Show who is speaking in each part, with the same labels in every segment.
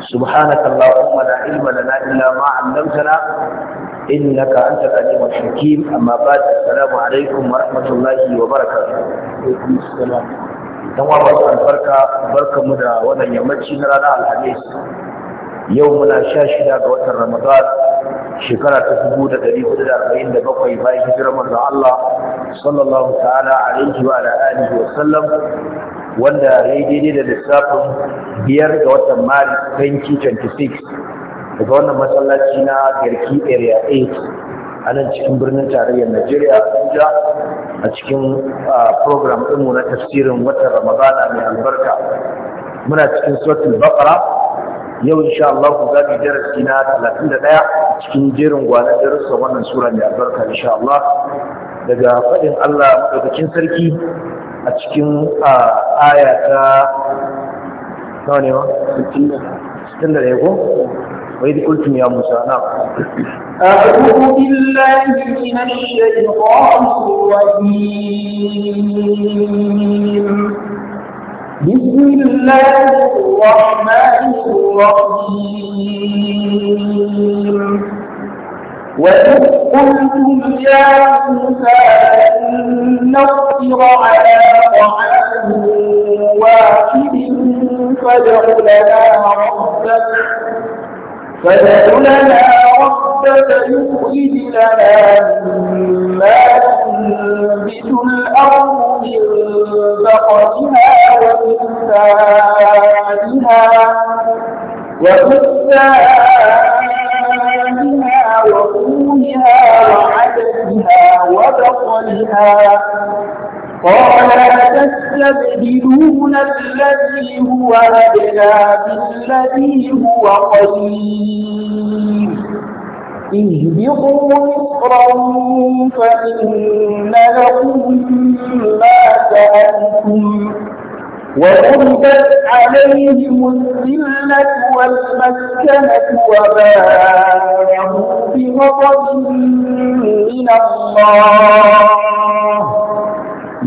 Speaker 1: سبحانك اللهم لا علم لنا الا ما علمتنا انك انت العليم الحكيم اما بعد السلام عليكم ورحمه الله وبركاته وعليكم السلام dan wa barka albarka barka mu da wannan yammaci na ranar alhamis yau muna sha shida ga watan ramadan shekara ta dubu da dari hudu da arba'in da bakwai bayan hijirar manzon allah sallallahu alaihi wa ala wanda ya yi daidai da lissafin biyar ga watan maris 2026 daga wannan masallaci na garki area 8 a nan cikin birnin tarayyar najeriya abuja a cikin program ɗinmu na tafsirin watan ramadana mai albarka muna cikin sautin bakara yau insha Allah ku zabi darasi na 31 cikin jerin gwanan darussa wannan sura mai albarka insha Allah daga faɗin Allah madaukakin sarki a cikin aya ta nawa ne ma? 61 ko? وإذ قلتم يا موسى نعم
Speaker 2: أعوذ بالله من الشيطان الرجيم بسم الله الرحمن الرحيم وإذ قلتم يا موسى لن نصبر على فادع لنا ربك فادع لنا ربك يخرج لنا مما تنبت الأرض من بقرها وكسائها وكسائها وطولها وعددها وبطنها قال تستبدلون الذي هو أدنى بالذي هو قدير اهبطوا مصرا فإن لكم ما سألتم
Speaker 3: وضربت
Speaker 2: عليهم الذلة والمسكنة وباءوا بغضب من الله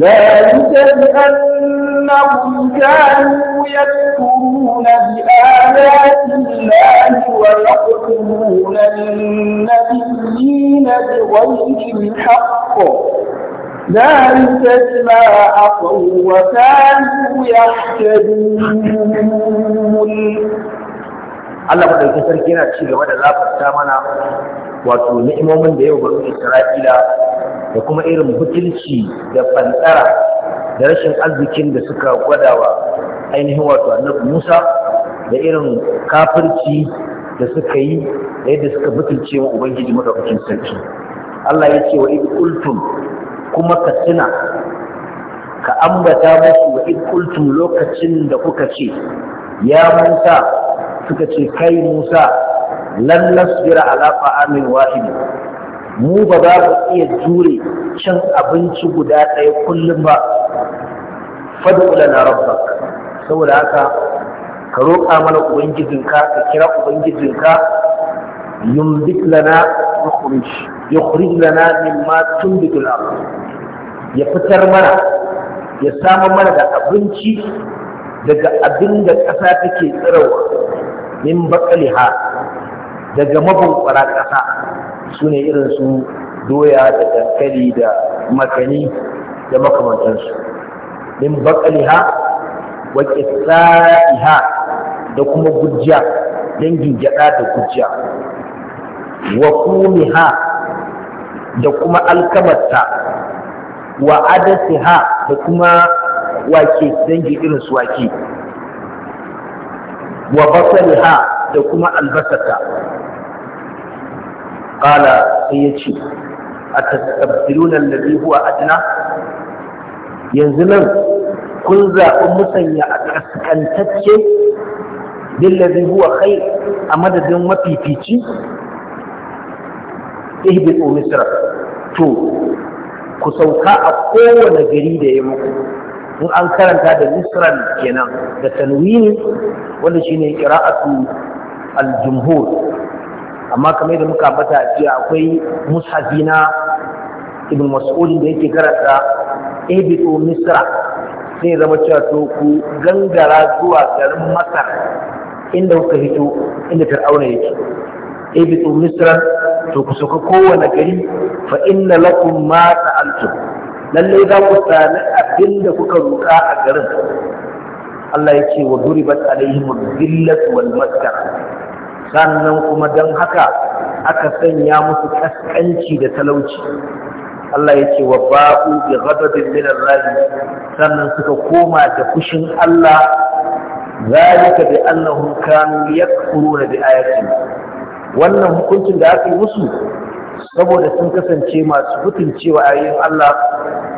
Speaker 2: ذلك بأنهم كانوا يكفرون بآيات الله ويقتلون النبيين بغير الحق ذلك بما عصوا وكانوا يحتدون
Speaker 1: Allah madaukakin sarki yana ci gaba da zafarta mana wato ni'imomin da yau bari Isra'ila da kuma irin hukunci da fantsara da rashin arzikin da suka gwadawa ainihin wato annabi Musa da irin kafirci da suka yi da yadda suka mutunce wa Ubangiji madaukakin sarki Allah ya ce wa idh qultum kuma ka tuna ka ambata musu wa idh qultum lokacin da kuka ce ya Musa suka ce kai Musa lan nasbira ala ta'amin wahid mu ba za mu iya jure cin abinci guda ɗaya kullum ba fad'u lana rabbak saboda haka ka roƙa mana ubangijinka ka kira ubangijinka yumbit lana yukhrij yukhrij lana mimma tunbitul ardh ya fitar mana ya samu mana da abinci daga abin da ƙasa take tsirawa min daga mabunkwara ƙasa su ne irin su doya da dankali da makani da makamantansu min bakaliha wa ƙisariha da kuma gujja dangin gyaɗa da gujja wa kumiha da kuma alkamarta wa adasiha da kuma wake dangin irin su wake wa basaliha da kuma albasata qala sai yace atastabdiluna alladhi huwa adna yanzu nan kun zaɓi musanya a ƙasƙantacce billazi huwa kai a madadin mafifici ihbitu misra to ku sauka a kowane gari da ya muku in an karanta da misran kenan da tanwini wanda shine qira'atu al-jumhur amma kamar da muka bata jiya akwai mushafi na ibn mas'ud da yake karanta ihbitu misra sai zama cewa to ku gangara zuwa garin masar inda kuka hito inda fir'auna yake ihbitu misra to ku soka kowane gari fa inna lakum ma ta'altum lallai za ku sami abin da kuka roƙa a garin Allah ya ce wa duribat alaihim zillat wal maskar sannan kuma dan haka aka sanya musu kaskanci da talauci Allah ya ce wa ba'u bi ghadabin min ar sannan suka koma da fushin Allah zalika bi annahum kanu yakfuruna bi ayatin wannan hukuncin da aka yi musu saboda sun kasance masu hutuncewa ayoyin Allah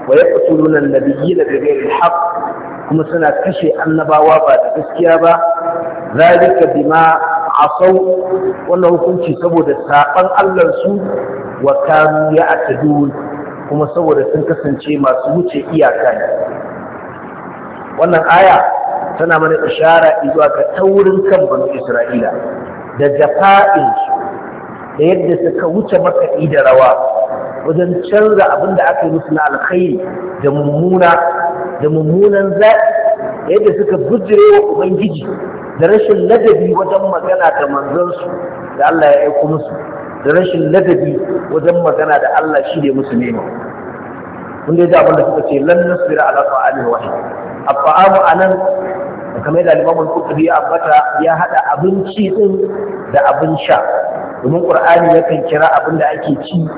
Speaker 1: wa ya qatluna an-nabiyina bi ghairi al-haq kuma suna kashe annabawa ba da gaskiya ba zalika bima sau wannan hukunci saboda saban Allah su wa kanu ya'tadun kuma saboda sun kasance masu wuce iyaka wannan aya tana mana ishara zuwa ga taurin kan banu Isra'ila da jafa'in su da yadda suka wuce makaɗi da rawa wajen canza abin da aka yi musu na alkhairi da mummuna da mummunan zaɓi da yadda suka bujire wa ubangiji da rashin ladabi wajen magana da manzansu da Allah ya aiko musu da rashin ladabi wajen magana da Allah shi ne musu nema kun dai abin da suka ce lan nasbira ala ta'amin wahid a anan da kamar yadda limamun kutubi ya ambata ya haɗa abinci ɗin da abin sha domin ƙur'ani yakan kira abin da ake ci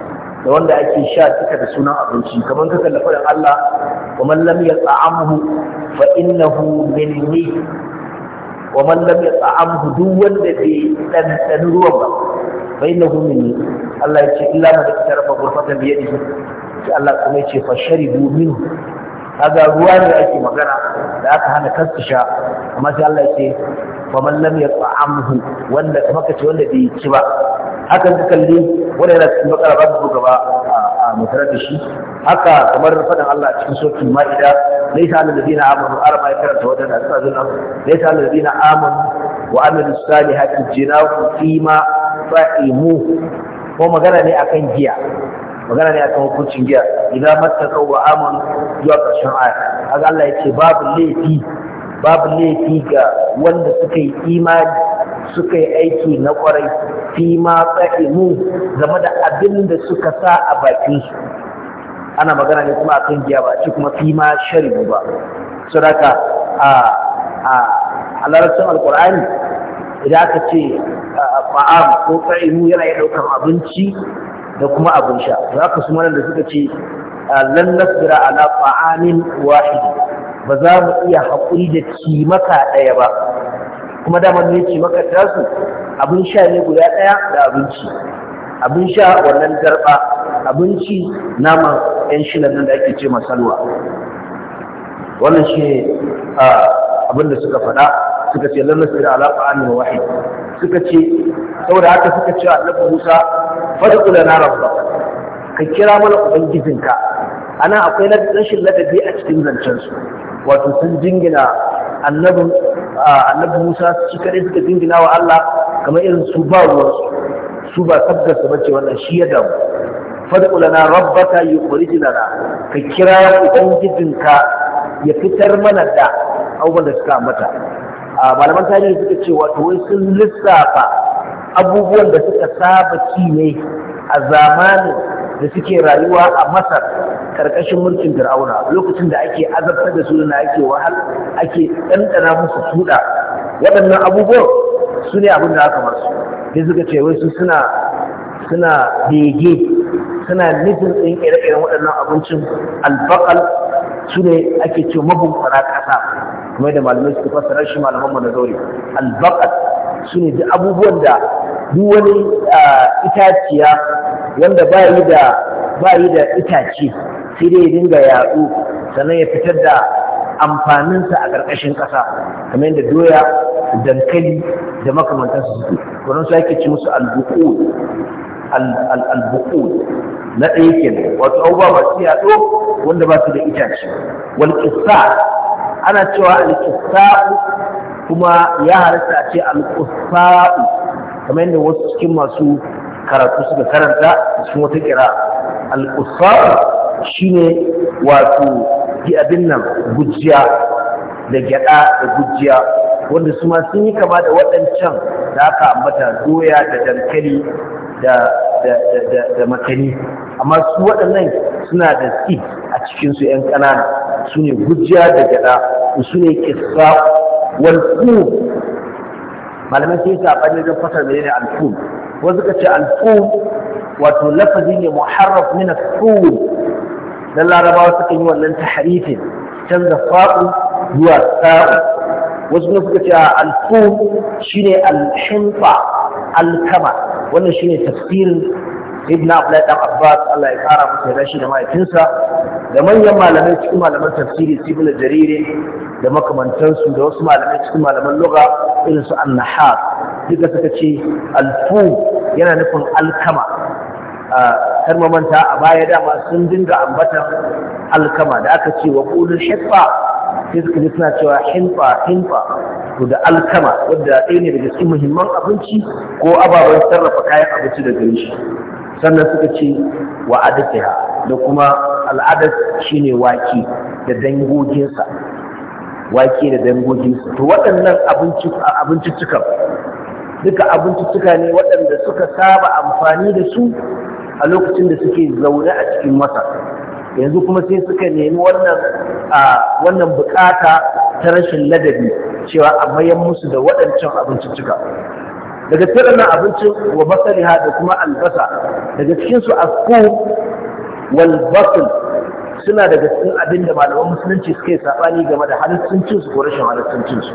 Speaker 1: da wanda ake sha duka da sunan abinci kamar ka kallafa da Allah wa man lam yata'amhu fa innahu minni wa man lam yata'amhu duk wanda bai dan dan ruwan ba fa innahu minni Allah ya ce illa ma da tarfa gurfatan bi yadihi sai Allah kuma ya ce fa sharibu minhu kaga ruwa ne ake magana da aka hana kansu sha amma sai Allah ya ce fa man lam yat'amhu wanda kuma ce wanda bai ci ba haka ka kalli wanda yana cikin bakara ba su gaba a mutarar da shi haka kamar fadan Allah a cikin sokin ma'ida laysa alal ladina amanu arba ya karanta wadan da suka zuwa laysa alal ladina amanu wa amilus salihati jinahu fima fa'imu ko magana ne akan giya magana ne akan hukuncin giya idza mattaqaw wa amanu zuwa ƙarshen aya kaga Allah yace babu laifi babu laifi ga wanda suka yi imani suka yi aiki na kwarai fi ma mu game da abin da suka sa a bakin su ana magana ne kuma akan giya ba ce kuma fi ma sharibu ba sadaka a a larabcin alkur'ani idan aka ce fa'am ko fa'imu yana iya daukar abinci da kuma abin sha za ka nan da suka ce ah, lan nasira ala ta'amin wahidi ba za mu iya haƙuri da kimaka ɗaya ba kuma dama ne kimaka ta su abin sha ne guda ɗaya da abinci abin sha wannan garba abinci nama yan shilan nan da ake ce masalwa wannan shi ah, abin da suka faɗa suka ce lam nasbir ala ta'amin wahid suka ce saboda haka suka ce annabi Musa fadqu na rabbaka ka kira mana ubangijinka ana akwai rashin ladabi a cikin zancensu. su wato sun jingina annabin annabi Musa shi kadai suka jingina wa Allah kamar irin su ba ruwansu su ba sabgar su bace wannan shi ya damu fadqu lana rabbaka yukhrij lana ka kira ubangijinka ya fitar mana da abubuwan da suka ambata malaman tarihi suka ce wato wai sun lissafa abubuwan da suka saba ci a zamanin da suke rayuwa a masar karkashin mulkin fir'auna lokacin da ake azabtar da su na ake wahal ake ɗanɗana musu suɗa waɗannan abubuwan su ne abin da aka masu da suka ce wai su suna suna bege suna nufin tsayin ire-iren waɗannan abincin albakal su ne ake ce mabunkara ƙasa kuma da malamai suka fassara shi malaman mu na zaure albaqat su ne duk abubuwan da duk wani itaciya wanda ba yi da ba yi da itace sai dai dinga yaɗo sannan ya fitar da amfaninsa a ƙarƙashin ƙasa kamar yadda doya dankali da makamantansu suke wannan su ake ci musu albuqul al-bukul na ɗaya wato abubuwa masu yaɗo wanda ba su da itace wal ana cewa al kuma ya halatta a ce al kamar yadda wasu cikin masu karatu suka karanta su wata kira al shine wato ji abin nan gujiya da gyada da gujiya wanda su ma sun yi kama da waɗancan da aka ambata doya da dankali da makani amma su waɗannan suna da tsi a cikinsu 'yan ƙanana su ne gujiya da gyaɗa su ne kisa walfum malamai sai sa ɓane wajen fasar da ne alfum Wanzu ka ce wato lafazi ne muharraf min alfum dan larabawa suka yi wannan tahrifin canza fa'u zuwa sa'u wasu kuma suka ce alfum shine alhinfa alkama wannan shine tafsirin ibn abdullahi dan abbas Allah ya kara masa da da mahaifinsa da manyan malamai cikin malaman tafsiri ibn jarire da makamantansu da wasu malamai cikin malaman lugha irin su an duka suka ce alfu yana nufin alkama kar manta a baya dama sun dinga ambatar alkama da aka ce wa qulul hifa sai suka ji suna cewa hinfa hinfa to da alkama wadda ɗaya ne daga cikin muhimman abinci ko ababen sarrafa kayan abinci da gare sannan suka ce wa adatiha da kuma al'adar shine wake da dangoginsa wake da dangoginsa to waɗannan abinciccikan duka abincicika ne waɗanda suka saba amfani da su a lokacin da suke zaune a cikin masar yanzu kuma sai suka nemi wannan bukata ta rashin ladabi cewa a mayan musu da waɗancan abincicika daga cikin nan abincin wa basaliha da kuma albasa daga cikin su asku wal suna daga cikin abin da malaman musulunci suke sabani game da halittun cin su ko rashin halittun cin su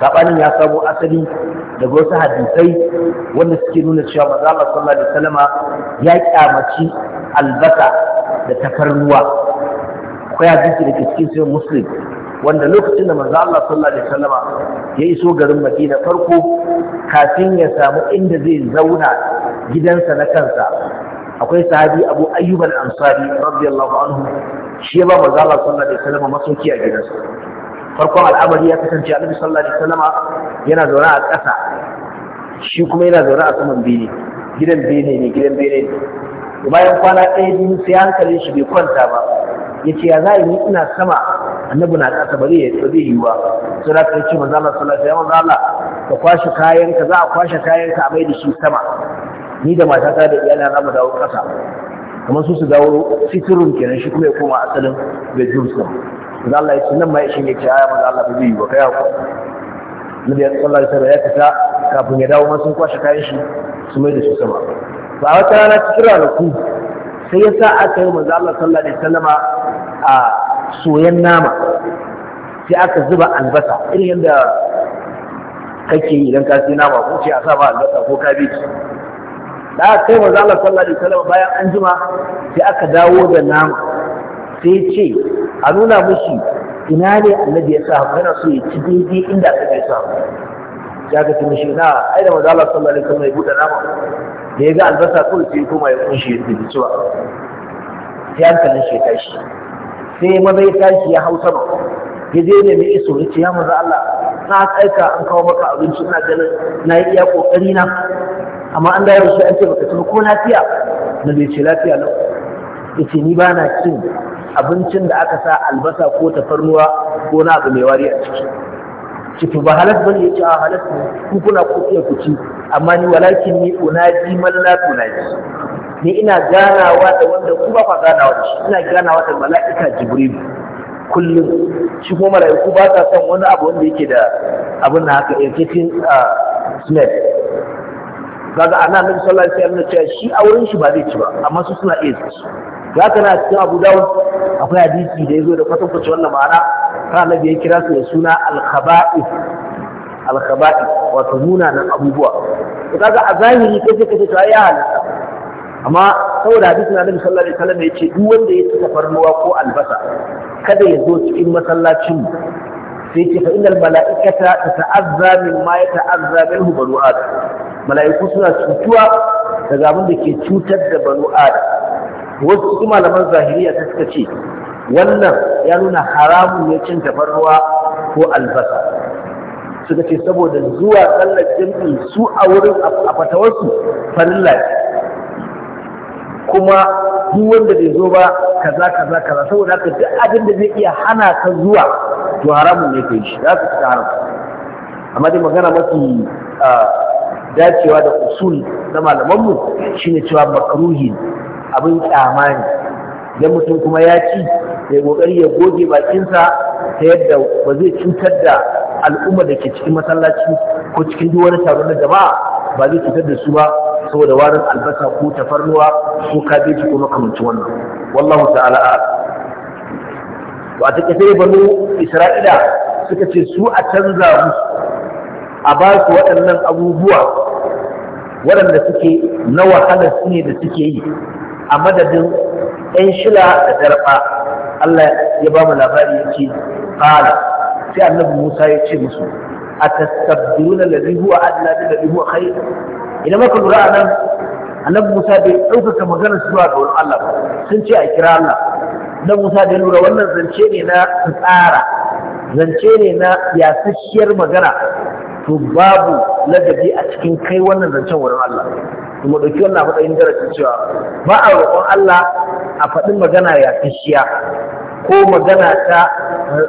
Speaker 1: sabanin ya samo asali daga wasu hadisai wanda suke nuna cewa maza Allah sallallahu alaihi wasallama ya kyamaci albasa da tafarnuwa akwai hadisi da ke cikin sai musulunci. wanda lokacin da manzo Allah sallallahu alaihi wasallama ya iso garin Madina farko kafin ya samu inda zai zauna gidansa na kansa akwai sahabi Abu Ayyub al-Ansari radiyallahu anhu shi ya ba manzo Allah sallallahu alaihi wasallama masauki a gidansa farkon al'amari ya kasance Annabi sallallahu alaihi wasallama yana zaune a ƙasa shi kuma yana zaune a saman bene gidan bene ne gidan bene ne bayan kwana ɗaya biyu sai hankalin shi bai kwanta ba ya ce ya za yi ina sama annabi na ƙasa ba zai ba zai yi ba sai da kai ce manzo Allah sallallahu alaihi wasallam ka kwashe kayan ka za a kwashe kayan ka a mai da shi sama ni da mata ta da iyalina za mu dawo ƙasa kamar su su dawo fitirun kenan shi kuma ya koma asalin bedroom sa Za Allah ya ce nan ma shi ne ce aya manzo Allah ba zai yi ba kai hakuri Nabi ya alaihi wasallam ya fita kafin ya dawo ma sun kwashe kayan shi su mai da shi sama ba a wata rana cikin ranaku sai ya sa aka yi manzo Allah sallallahu alaihi wasallama a soyan nama sai aka zuba albasa irin yadda kake idan ka sai nama ko ce a sa ba albasa ko kabeji da aka kai manzo Allah sallallahu alaihi wasallam bayan an jima sai aka dawo da nama sai ce a nuna mushi ina ne annabi ya sa yana so ya ci daidai inda aka ya sa ya ga mushi na ai da manzo Allah sallallahu alaihi wasallam ya buɗe nama da ya ga albasa ko sai kuma ya kunshi ya tsibi cewa sai hankalin shi ya tashi sai maza ya tashi ya hau sama ya je ne mai iso ya ce ya maza Allah na aika an kawo maka abinci ina ganin na yi iya kokari na amma an dawo shi an ce baka ci ko lafiya na bai ce lafiya na ya ce ni ba na cin abincin da aka sa albasa ko tafarnuwa ko na abu mai wari a ciki ciki ba halas bane ya ce a halas ne ku kuna iya ku ci amma ni walakin ni unaji man la tunaji ni ina ganawa da wanda ku ba fa ganawa da shi ina ganawa da mala'ika jibril kullum shi kuma mala'iku ba ta son wani abu wanda yake da abin da haka eh, irkitin Smith? Ah, kaga ana nan sallallahu alaihi wasallam cewa shi a wurin shi ba zai ci ba amma su suna iya ci ga ka na cikin Abu dawo akwai hadisi da yazo da kwatankwacin wannan ma'ana Kana Annabi ya kira su da suna al-khaba'ith alkhaba'i wato munanan abubuwa to kaga a zahiri kai sai kace to ai ya halatta amma saboda hadisin Annabi sallallahu alaihi wasallam yace duk wanda ya ci tafarnuwa ko albasa kada ya zo cikin masallacin mu sai ce fa innal mala'ikata tata'azza mimma yata'azza minhu banu adam mala'iku suna cutuwa daga abin da ke cutar da banu adam wasu su malaman zahiriya ta suka ce wannan ya nuna haramun ne cin tafarnuwa ko albasa suka ce saboda zuwa sallar jirgin su a wurin a fatawarsu farilla kuma duk wanda zai zo ba kaza kaza kaza saboda haka duk abin da zai iya hana ka zuwa to haramun ne kai shi za su fita haram amma dai magana mafi dacewa da usul na malamanmu shine cewa makaruhi abin kyama ne idan mutum kuma ya ci ya kokari ya goge bakinsa ta yadda ba zai cutar da al'umma da ke cikin masallaci ko cikin duk wani taro na jama'a ba zai cutar da su ba saboda warin albasa ko tafarnuwa ko kabeji ko makamancin wannan wallahu ta'ala a a ta sai banu isra'ila suka ce su a canza musu a ba su waɗannan abubuwa waɗanda suke na wahalar su ne da suke yi a madadin ɗan shila da darɓa Allah ya ba mu labari ya ce ƙala sai annabi Musa ya ce musu a tasabbiluna ladhi huwa adna bi ladhi huwa khair idan muka lura nan? annabi Musa bai ɗaukaka magana zuwa ga wani Allah sun ce a kira Allah dan Musa da lura wannan zance ne na tsara zance ne na yasasshiyar magana to babu ladabi a cikin kai wannan zancen wurin Allah kuma dauki wannan matsayin darasi cewa ba a roƙon Allah a faɗin magana ya fishiya ko magana ta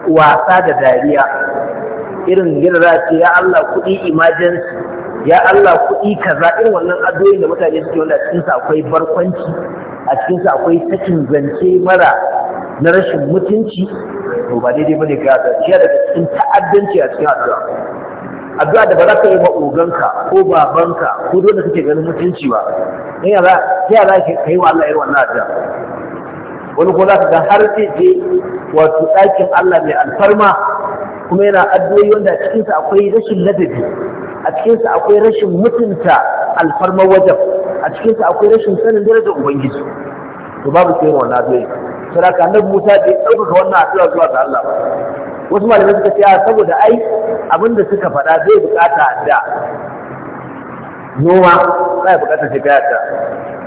Speaker 1: wasa da dariya irin yadda za ce ya Allah kuɗi emergency ya Allah kuɗi kaza irin wannan addu'o'in da mutane suke wanda cikin sa akwai barkwanci a cikin sa akwai sakin zance mara na rashin mutunci to ba daidai bane ga gaskiya daga cikin ta'addanci a cikin addu'a addu'a da ba za ka yi wa ko babanka ko da kake ganin mutunci ba dan za ya za ka yi wa Allah irin wannan addu'a wani ko za ka ga har zai je wato ɗakin Allah mai alfarma kuma yana addu'o'i wanda a cikinsa akwai rashin ladabi a cikinsa akwai rashin mutunta alfarma wajen a cikinsa akwai rashin sanin darajar ubangiji to babu sai wannan sai saboda annabi Musa bai ɗaukaka wannan addu'a zuwa ga Allah wasu malamai suka ce ah, saboda ai abin da suka faɗa zai bukata da noma zai bukata sai kai ta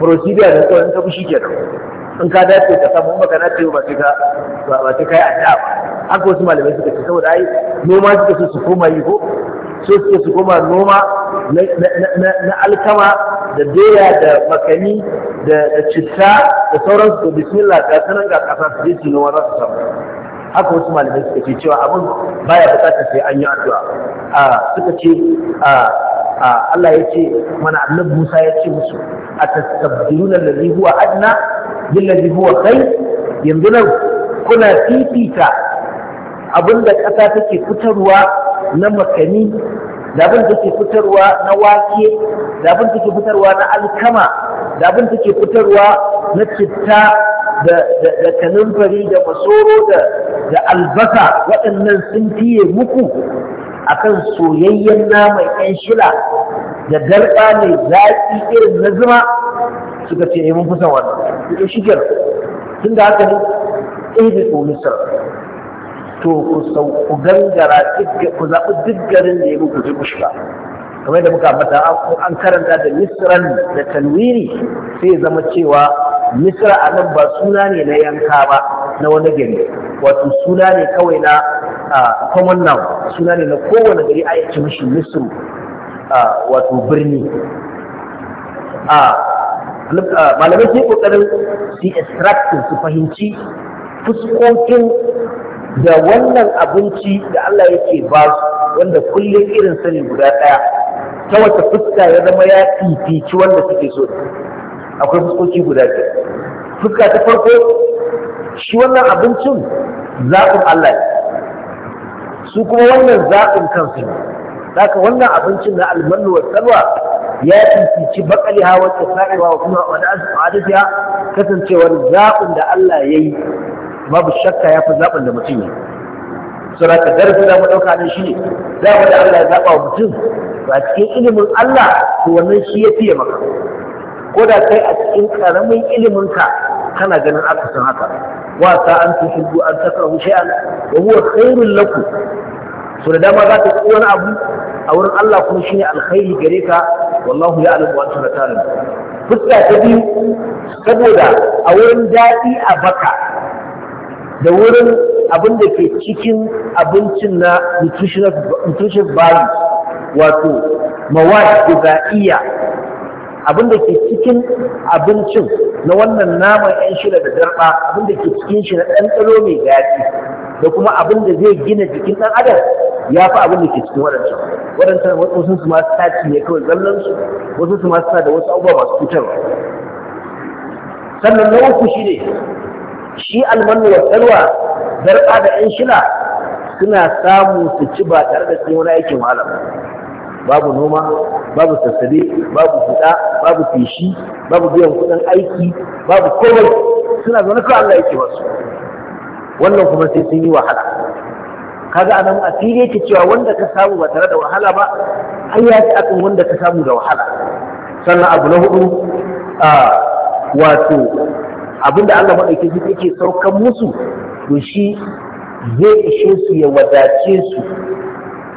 Speaker 1: procedure da kawai in ka fushi kenan in ka dace ka samu baka na ce ba sai ka ba sai kai adda ba haka wasu malamai suka ce saboda ai noma suka so su koma yi ko so suke su koma noma na alkama da doya da makani da citta da sauransu to bismillah ga sanan ga kasa su je su noma za su samu haka wasu malamai suka ce cewa abin baya bukatar sai an yi addu'a suka ce Allah ya ce mana annabi Musa ya ce musu a tasabbiluna allazi huwa adna billazi huwa khair yanzu nan kuna fifita abinda ƙasa take fitarwa na makani da abin take fitarwa na wake da abin take fitarwa na alkama da abin take fitarwa na citta da kanumfari da masoro da albasa waɗannan sun fiye muku akan soyayyen naman ƴan shila da darɓa mai zaƙi irin na zuma suka ce eh, mun fi son wannan da shigar tun da haka ne ɗaya da misar to ku gangara ku zaɓi duk garin da ya muku ku shiga kamar da muka mata an karanta da misran da tanwiri sai zama cewa misra a nan ba suna ne na yanka ba na wani gari wato suna ne kawai na common noun suna ne na kowane gari a yake mashi misru wato birni malamai sai kokarin su extractin, su fahimci fuskokin da wannan abinci da Allah yake ba su wanda kullum irin sani guda ɗaya ta wata fuska ya zama ya fifici wanda suke so akwai fuskoki guda biyar. fuska ta farko shi wannan abincin zaɓin Allah ne su kuma wannan zaɓin kansu ne haka wannan abincin na almanu wa salwa ya fifici bakali hawa ta sa'iwa wa kuma wani adadiya kasancewar zaɓin da Allah ya yi babu shakka ya fi zaɓin da mutum ya sura ka darasi za mu ɗauka nan shi ne, za mu da Allah ya zaɓa wa mutum ba cikin ilimin Allah to wannan shi ya fiye maka ko da kai a cikin ƙaramin ilimin ka kana ganin akasin haka wasa an tuhibbu an takrahu shay'an wa huwa khairul lakum so da dama za ta yi wani abu a wurin Allah kuma ne alkhairi gare ka wallahu ya'lamu wa antum la ta'lamun fuska ta biyu saboda a wurin daɗi a baka da wurin abin da ke cikin abincin na nutritional value wato mawad gudaiya abin da ke cikin abincin na wannan naman 'yan shida da zarba abin da ke cikin shi na ɗanɗano mai gaji da kuma abin da zai gina jikin ɗan adam ya fi abin da ke cikin waɗancan waɗancan wasu su masu taci ne kawai zallansu wasu su masu da wasu abubuwa masu cutarwa sannan na uku shi ne shi almanu wa salwa zarba da yan shila suna samu su ci ba tare da sun wani aikin wahala babu noma babu sassabe babu fuda babu feshi babu biyan kudin aiki babu komai suna zaune kawai Allah yake wasu wannan kuma sai sun yi wahala kaga anan a fili yake cewa wanda ka samu ba tare da wahala ba an ya ci akan wanda ka samu da wahala sannan abu na hudu a wato Abin da Allah maɗauki sarki yake saukan musu to shi zai ishe su ya wadace su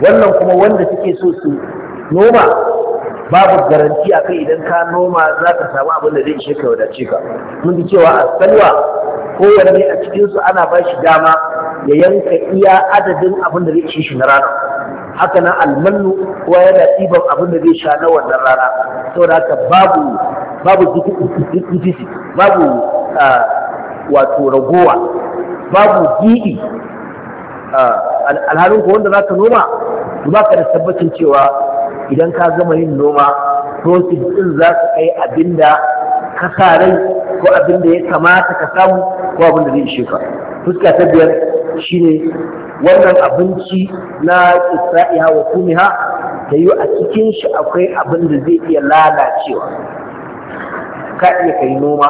Speaker 1: wannan kuma wanda suke so su noma babu garanti a kai idan ka noma za ka samu abin da zai ishe ka wadace ka mun ji cewa a salwa kowanne a cikinsu ana ba shi dama ya yanka iya adadin abin da zai ishe shi na rana haka nan almannu kowa yana ɗiban abin da zai sha na wannan rana saboda haka babu babu babu wato ragowa babu gidi alhalin ko wanda za ka noma ba ka da tabbacin cewa idan ka gama yin noma profit din za ka kai abinda ka sa rai ko abinda ya kamata ka samu ko abinda zai ishe ka fuska ta biyar shine wannan abinci na isra'iha wa kumiha da yi a cikin shi akwai abin da zai iya lalacewa ka iya kai noma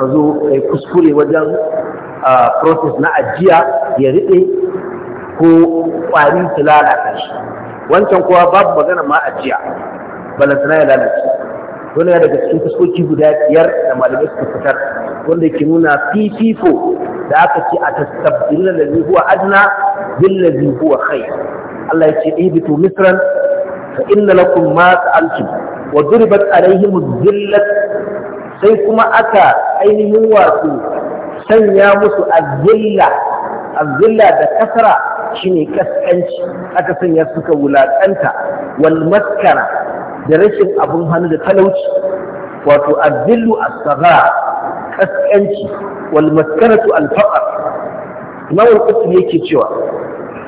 Speaker 1: ka zo kai kuskure wajen process na ajiya ya riɗe ko ƙwari su lalata shi wancan kuwa babu magana ma ajiya balantana ya lalace wani daga cikin fuskoki guda biyar da malamai suka fitar wanda ke nuna fifiko da aka ce a tasabbilin lalazi huwa adna billazi huwa kai. Allah ya ce ihbitu misran fa inna lakum ma sa'altum wa duribat alaihim dhillat sai kuma aka ainihin wato sanya musu azilla azilla da kasara shine kaskanci aka sanya suka wulakanta wal maskara da rashin abun hannu da talauci wato azillu as-saghar kaskanci wal maskaratu al-faqr imam al yake cewa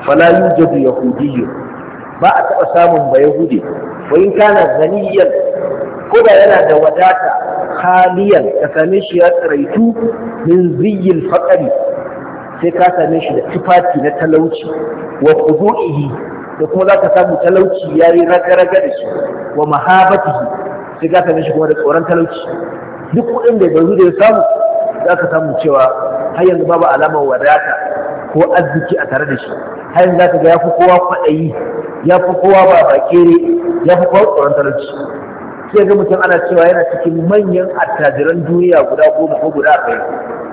Speaker 1: fala yujadu yahudiyyu ba a taɓa samun ba yahudi wa in kana zaniyan ko da yana da wadata haliyan ka same shi ya tsiraitu min ziyil faqari sai ka same shi da tufafi na talauci wa khudu'ihi da kuma za ka samu talauci ya yi raga-raga da shi wa mahabatihi sai ka same shi kuma da tsoron talauci duk kuɗin da yanzu da ya samu za ka samu cewa har yanzu babu alamar wadata ko arziki a tare da shi har yanzu zaka ga ya fi kowa kwaɗayi ya fi kowa ba bakere ya fi kowa tsoron talauci sai ga mutum ana cewa yana cikin manyan attajiran duniya guda goma ko guda arba'in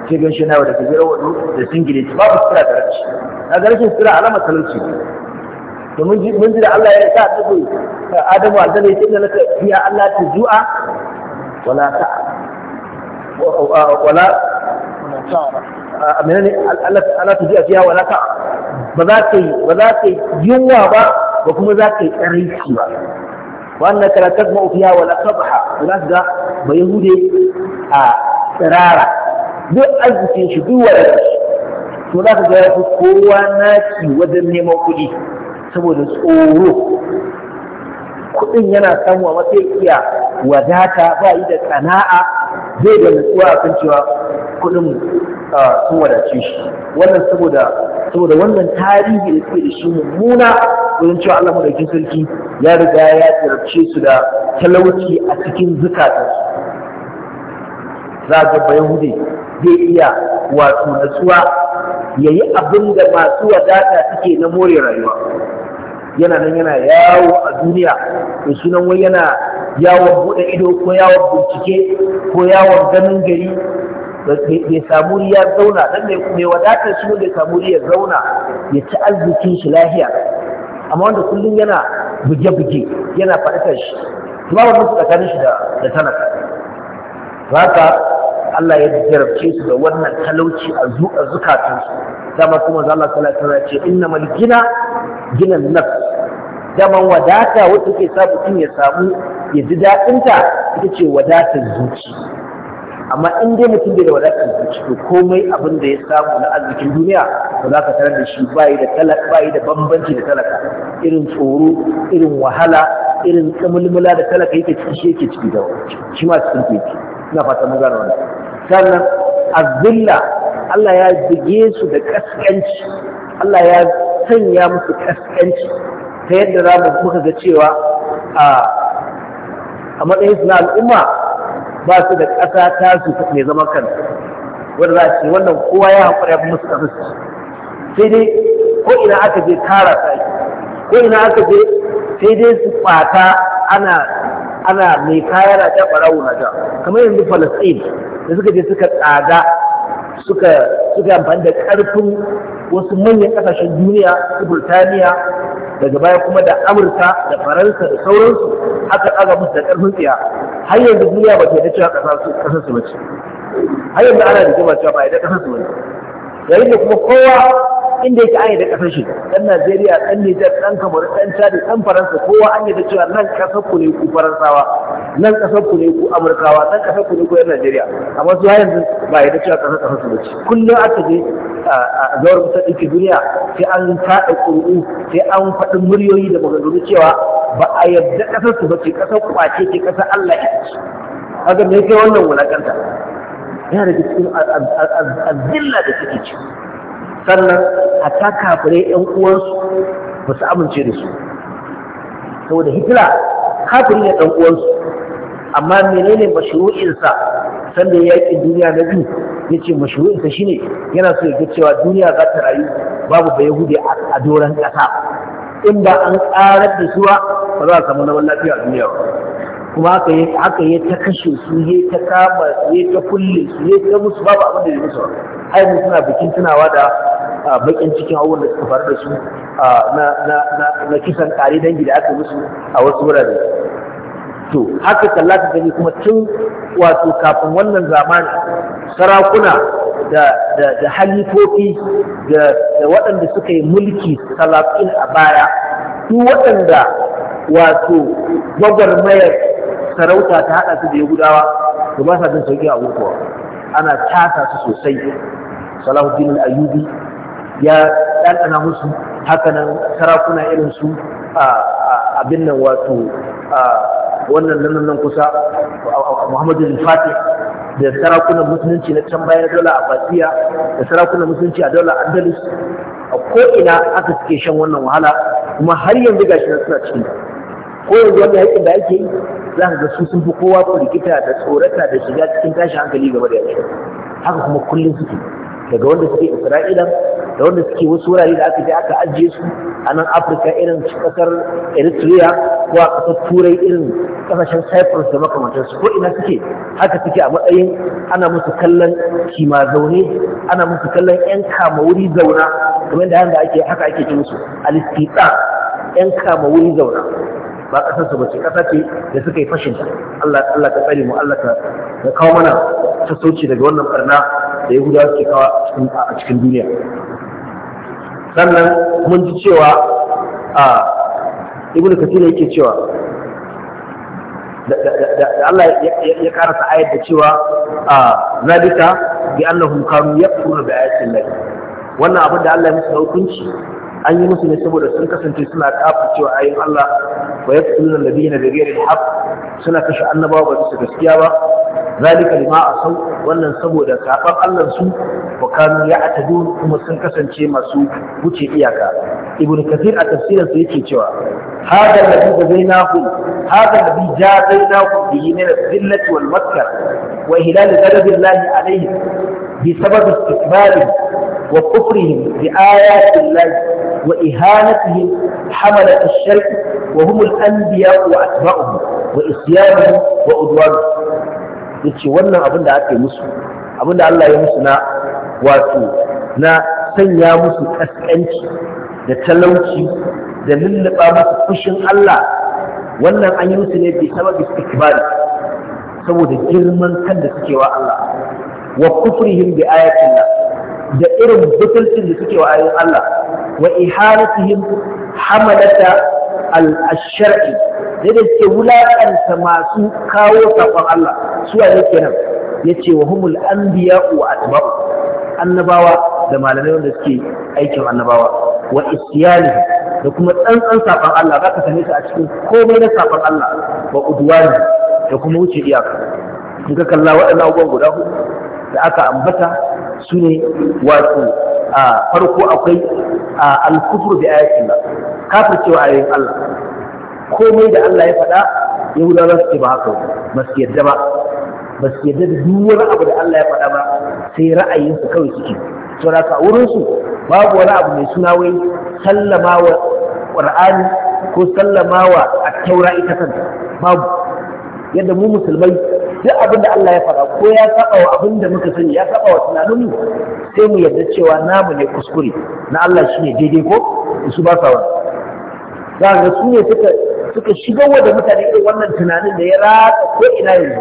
Speaker 1: sai ga shi nawa da kajerar wadu da singile babu sira da rashi na ga rashin sira alama talauci to mun ji da Allah ya sa ta Adamu aljanna ne tinda laka fiya Allah ta zuwa wala ta wala menene Allah ta ji a fiya wala ba za ka yi ba za ka yi yunwa ba ba kuma za ka yi tsaraici ba wannan karatar ma'ufiya wala sabaha za su ga ba yahude a tsirara duk arzikin shi duk wadda to za ka ga ya fi kowa naki wajen neman kuɗi saboda tsoro kuɗin yana samu a matsayin iya wadata ba yi da kana'a zai da nutsuwa a kan cewa kuɗin sun wadace shi wannan saboda saboda wannan tarihi da suke da shi mummuna wajen cewa Allah madaukin sarki ya riga ya tsirce su da talauci a cikin su za ga bayahude zai iya wato natsuwa ya yi abin da masu wadata suke na more rayuwa yana nan yana yawo a duniya da sunan wai yana yawon buɗe ido ko yawon bincike ko yawon ganin gari bai samu ya zauna dan mai wadatar shi bai samu ya zauna ya ci arzikin shi lahiya amma wanda kullum yana buge-buge yana faɗaƙar shi kuma wannan su tsakanin shi da talaka haka Allah ya jarabce su da wannan talauci a su dama kuma za Allah sallallahu alaihi ce inna mal gina ginan nafs dama wadata wacce ke sa mutum ya samu ya ji daɗinta ita ce wadatar zuci amma in dai mutum bai da wadatar zuci to komai abin da ya samu na arzikin duniya to za ka tarar da shi bayi da talaka bayi da bambanci da talaka irin tsoro irin wahala irin tsamulmula da talaka yake ciki shi yake ciki da shi ma cikin teki ina fata mun gano wannan sannan azilla Allah ya bige su da kaskanci Allah ya sanya musu kaskanci ta yadda za mu muka ga cewa a matsayin na al'umma ba su da ƙasa ta su mai zama kanta wanda za a ce wannan kowa ya haƙura ya fi musu ƙasa su sai dai ko ina aka je kara sa ko ina aka je sai dai su ɓata ana ana mai kaya na ta ɓarawo na ta kamar yanzu falasɗin da suka je suka tsada suka suka amfani da ƙarfin wasu manyan kasashen duniya su Burtaniya daga baya kuma da Amurka da Faransa da sauransu haka tsaga musu da karfin tsiya har yanzu duniya ba ta cewa ƙasar su bace har yanzu ana da cewa ba yarda ƙasar su bace yayin da kuma kowa inda yake an kasar da shi ɗan Najeriya dan Nijar dan Kamaru dan Chad dan Faransa kowa an yi da cewa nan ƙasar ku ne ku Faransawa nan ƙasar ku ne ku Amurkawa nan ƙasar ku ne ku Najeriya amma su yanzu ba yi da cewa kasar kasar su bace kullum aka je a zawar kusa ɗinki duniya sai an faɗa ƙuri'u sai an faɗi muryoyi da maganganu cewa ba a yarda kasar su bace ƙasar kwace ce kasar Allah ita ce kaga me wannan wulakanta yana da cikin azilla da suke sannan a ta kafire yan uwansu ba su amince da su saboda hitila kafiri ya ɗan uwansu amma menene mashuru'insa sanda ya yaƙin duniya na biyu ya ce shi ne yana so ya cewa duniya za ta rayu babu ba yahudi a doron ƙasa in ba an ƙarar da suwa ba za a samu zaman lafiya a duniya ba kuma haka ya aka yi ta kashe su ya ta kama su, ya ta kulle su ya ta musu babu abin da ya musu ai mu suna bikin tunawa da bakin cikin abubuwan da suka faru da su na kisan kare dangi da aka musu a wasu wurare to haka tallata gani kuma tun wato kafin wannan zamani sarakuna da da halifofi da da waɗanda suka yi mulki salafin a baya duk waɗanda wato gwagwarmayar sarauta ta haɗa su da yahudawa to ba sa jin sauƙi a kowa ana tasa su sosai salahuddin al-ayyubi ya ɗanɗana musu hakanan sarakuna irin su abin nan wato wannan nan nan kusa Muhammadu Fatih da sarakunan musulunci na can bayan daular Abbasiya da sarakunan musulunci a daular Andalus a ko'ina aka suke shan wannan wahala kuma har yanzu gashi na suna cikin ko yanzu wanda yakin da ake yi za ka ga su sun fi kowa firgita da tsorata da shiga cikin tashi hankali game da yaƙi haka kuma kullum suke daga wanda suke isra'ila da wanda suke wasu wurare da aka je aka ajiye su a nan afirka irin kasar eritrea ko a kasar turai irin kasashen cyprus da makamantarsu ko ina suke haka suke a matsayin ana musu kallon kima zaune ana musu kallon yan kama wuri zauna kamar da haka ake haka ake ce musu alistitsa yan kama wuri zauna ba ƙasar su bace ƙasa ce da suka yi fashin Allah Allah ka tsare mu Allah ka kawo mana sassauci daga wannan barna da ya Yahudawa suke kawo a cikin duniya sannan mun ji cewa a ibnu kathir yake cewa da Allah ya karasa ayat da cewa a zalika bi annahum kanu yakfuruna bi ayati Allah wannan abin da Allah ya musu hukunci an yi musu ne saboda sun kasance suna kafa cewa ayin Allah wa ya fi nan labi na da gairin haf suna kashe annabawa ba su gaskiya ba zalika lima a sau wannan saboda kafan Allah su wa kanu ya atadu kuma sun kasance masu wuce iyaka ibnu kathir a tafsirin sa yake cewa hada nabi da zainahu hada nabi ja zainahu bi min al-zillati wal makkah wa hilal ghadabillahi alayhi بسبب استكبارهم وكفرهم بآيات الله وإهانتهم حملة الشرك وهم الأنبياء وأتباعهم وإصيانهم وأدوانهم yace wannan abin da aka yi musu abin da Allah ya musu na wato na sanya musu kaskanci da talauci da lullaba musu fushin Allah wannan an yi musu ne bi sababi istikbari saboda girman kan da suke wa Allah wa kufrihim da irin butulcin da suke wa Allah wa ihalatihim hamalata al-shar'i da da suke wulakanta masu kawo saƙon Allah su ne kenan ce wa humul anbiya'u wa atba'u annabawa da malamai wanda suke aikin annabawa wa isyani da kuma tsantsan saƙon Allah za ka same su a cikin komai na saƙon Allah wa udwani da kuma wuce iyaka in ka kalla waɗannan abubuwan guda hudu da aka ambata su ne wato farko akwai alkufur da ayatin ba cewa ayoyin Allah komai da Allah ya faɗa yahudawa za su ce ba haka ba su yadda ba ba su yadda da duk wani abu da Allah ya faɗa ba sai ra'ayinsu kawai suke saboda ka wurinsu babu wani abu mai suna wai sallama wa ƙur'ani ko sallama wa taura ita kanta babu yadda mu musulmai duk abin da Allah ya faɗa ko ya saba wa abin da muka sani ya saba wa tunaninmu sai mu yarda cewa namu ne kuskure na Allah shi ne daidai ko su ba sa za ga su ne suka suka shigo da mutane irin wannan tunanin da ya ratsa ko ina yanzu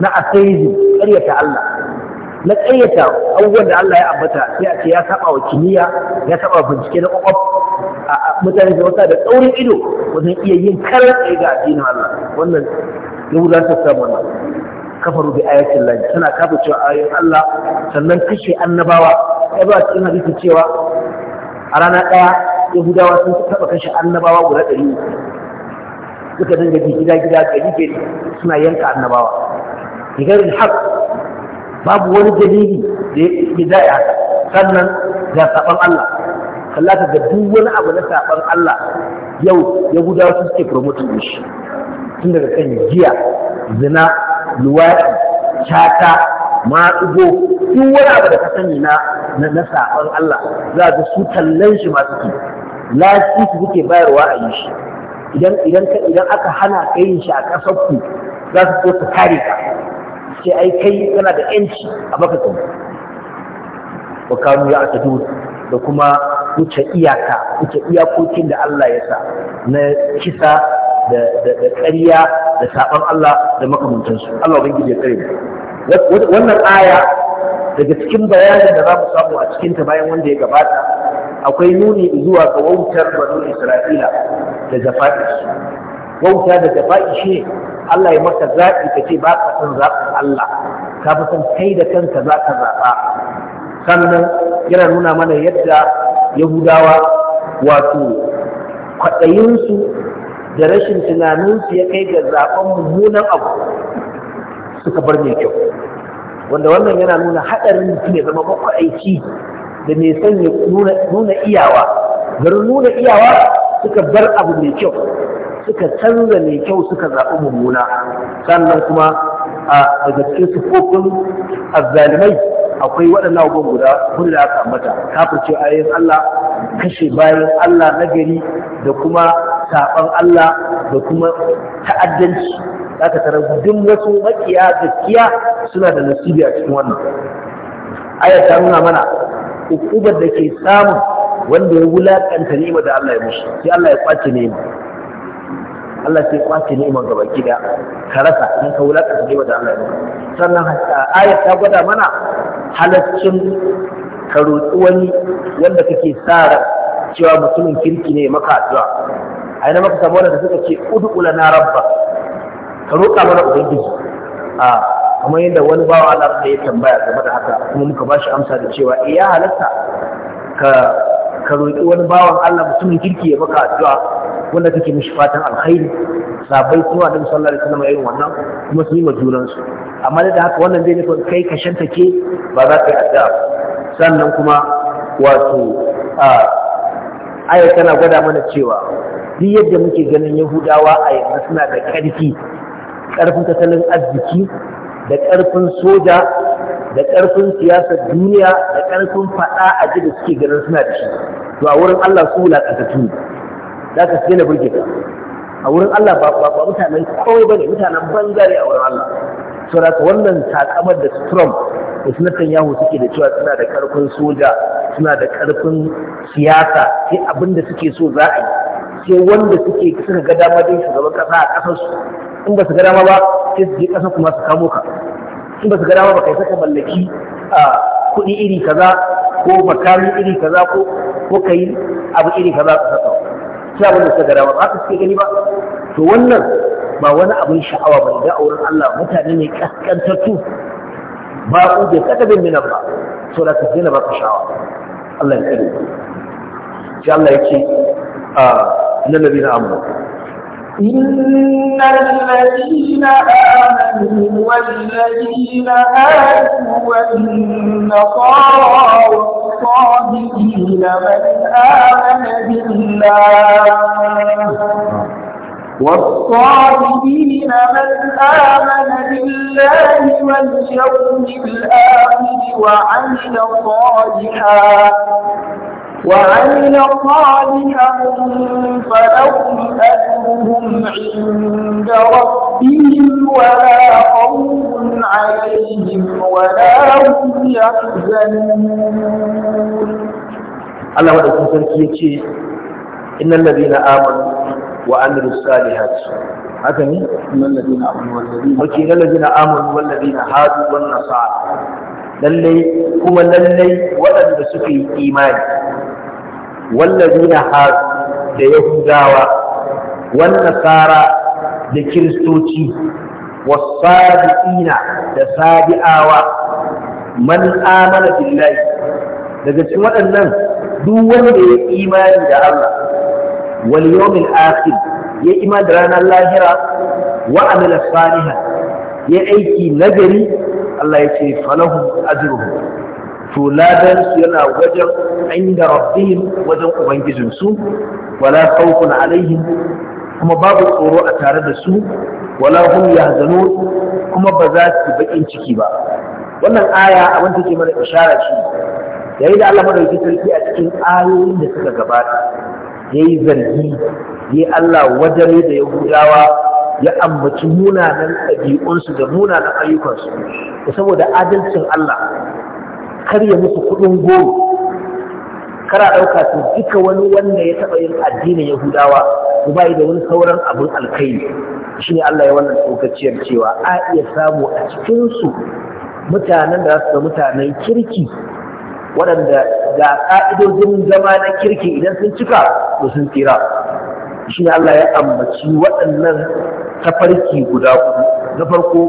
Speaker 1: na asaizin ƙaryata Allah na ƙaryata abubuwan da Allah ya ambata sai a ce ya saba wa kimiyya ya saba bincike na ƙwaƙwaf a mutane da wata da tsaurin ido wajen iya yin karar ya ga addinin Allah wannan yahudan ta samu kafaru bi ayatin lahi tana kafa cewa ayoyin Allah sannan kashe annabawa ya ba cikin hadisi cewa a rana ɗaya yahudawa sun taɓa kashe annabawa guda ɗari suka dinga bi gida gida gari gari suna yanka annabawa bigarin haq babu wani dalili da ya haka sannan ga saɓan Allah kalla da duk wani abu na saɓan Allah yau yahudawa su suke promoting shi tun daga kan giya zina luwaɗi shata maɗugo duk wani abu da ka sani na na saɓon Allah za ga su tallan shi masu ke lafi su suke bayarwa a yi shi idan idan idan aka hana ka yin shi a ƙasar ku za su so su kare ka sai ai kai kana da yanci a baka tsoro wa kanu ya asadu da kuma wuce iyaka wuce iyakokin da Allah ya sa na kisa da ƙarya da saɓon Allah da makamantansu Allah ban ya tsare wannan aya daga cikin bayanin da za mu samu a cikinta bayan wanda ya gabata akwai nuni zuwa ga wautar banu Isra'ila da jafa'i wauta da jafa'i shi Allah ya maka zaɓi ka ce ba ka san zaɓin Allah ka fi san kai da kanka za ka zaɓa sannan yana nuna mana yadda Yahudawa wato kwaɗayinsu da rashin tunaninsu ya kai ga zaɓen mummunan abu suka bar mai kyau wanda wannan yana nuna haɗarin mutum ya zama aiki da mai son ya nuna iyawa garin nuna iyawa suka bar abu mai kyau suka canza mai kyau suka zaɓi mummuna sannan kuma a daga cikin sufofin azzalimai akwai waɗannan abubuwan guda hudu da aka ambata kafirce ayoyin Allah kashe bayan Allah nagari da kuma saɓon Allah da kuma ta'addanci za ka tara duk wasu makiya gaskiya suna da nasibi a cikin wannan ayar ta nuna mana ukubar da ke samun wanda ya wulakanta ni'ima da Allah ya mushi sai Allah ya kwace ni'ima Allah sai kwace ni'ima gaba gida ka rasa in ka wulakanta ni'ima da Allah ya mushi sannan ayar ta gwada mana halaccin ka roƙi wani wanda kake sa cewa mutumin kirki ne maka addu'a a yana maka samu wadanda suka ce udu na rabba ka roƙa mana ubangiji a kamar yadda wani bawa Allah da ya tambaya game da haka kuma muka ba shi amsa da cewa eh ya halatta ka ka roƙi wani bawan Allah mutumin kirki ya maka addu'a wanda take mishi fatan alkhairi sabai kuma da sallallahu alaihi wasallam irin wannan kuma su yi ma su amma da haka wannan zai nufin kai ka shanta ke ba za ka yi addu'a sannan kuma wato a aya tana gwada mana cewa duk yadda muke ganin yahudawa a yanzu suna da ƙarfi ƙarfin tattalin arziki da ƙarfin soja da ƙarfin siyasar duniya da ƙarfin faɗa a ji da suke ganin suna da shi to a wurin Allah su wulaƙantattu ne za ka sai na burge ka a wurin Allah ba ba mutanen kawai ne, mutanen banza ne a wurin Allah saboda wannan takamar da Trump da su Netanyahu suke da cewa suna da ƙarfin soja suna da ƙarfin siyasa sai abin da suke so za a yi sai wanda suke suka ga dama dai shugaban kasa a kasar su in ba su ga dama ba sai su je kasar kuma su kamo ka in ba su ga dama ba kai saka mallaki a kuɗi iri kaza ko makami iri kaza ko ko kai abu iri kaza ka saka sai abin da suka ga dama ba haka suke gani ba to wannan ba wani abin sha'awa ba ga auren Allah mutane ne kaskantattu ba ku da kadabin minan ba so da ka daina ba ka sha'awa Allah ya tsare sai Allah ya ce آه، إن الذين آمنوا
Speaker 2: إن الذين آمنوا والذين آتوا والنصارى والصادقين من آمن بالله
Speaker 3: والصادقين
Speaker 2: من آمن بالله واليوم الآخر وعمل صالحا وعمل صالحا فلهم أجرهم عند ربهم ولا خوف عليهم ولا هم يحزنون
Speaker 1: الله wadda sarki ya ce innan ladina amanu wa haka ne innan ladina amanu wal ladina amanu wal ladina hadu wan Sa'a. lallai kuma lallai waɗanda suka yi imani wallazina har da yahudawa wan nasara da kiristoci wasabi'ina da sabi'awa man amana billahi daga cikin waɗannan duk wanda ya imani da Allah wal yawmil akhir ya imani da ranar lahira wa amila salihan ya aiki nagari Allah ya ce falahun ajruhum to ladan su yana wajen inda rabbihim wajen ubangijin su wala khawfun alaihim kuma babu tsoro a tare da su wala hum yahzanun kuma ba za su bakin ciki ba wannan aya abin take mana ishara shi yayin da Allah madauki sarki a cikin ayoyin da suka gabata yayi zargi yayi Allah wadare da Yahudawa ya ambaci munanan ɗabi'unsu da munanan ayyukansu da saboda adalcin Allah kar ya musu kuɗin goro kara ɗauka su duka wani wanda ya taɓa yin addinin yahudawa su bayi da wani sauran abin alkai shi ne Allah ya wannan tsokaciyar cewa a iya samu a cikinsu mutanen da za su mutanen kirki waɗanda ga ƙa'idojin zama na kirki idan sun cika to sun tsira shi Allah ya ambaci waɗannan tafarki guda uku na farko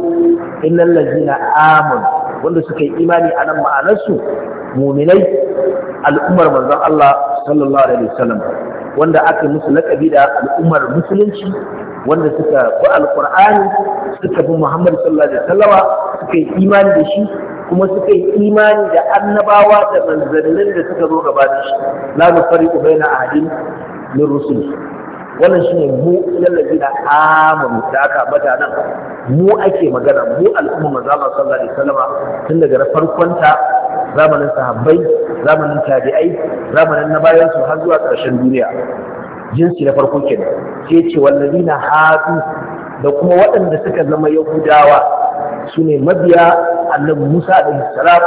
Speaker 1: innal ladzina amanu wanda suka yi imani a nan ma'anarsu muminai al'ummar manzon Allah sallallahu alaihi wasallam wanda aka musu laƙabi da al'ummar musulunci wanda suka bi Alƙur'ani, suka bi Muhammad sallallahu alaihi wasallama suka yi imani da shi kuma suka yi imani da annabawa da manzannin da suka zo da shi la nufariqu ubaina ahadin min rusul wannan shine mu lallabi da amanu da aka bata nan mu ake magana mu al'umma manzo Allah sallallahu alaihi wasallama tun daga farkon ta zamanin sahabbai zamanin tabi'ai zamanin na bayan su har zuwa ƙarshen duniya jinsi na farko kenan sai ce wallazina hadu da kuma waɗanda suka zama yahudawa su ne mabiya annabi musa da salam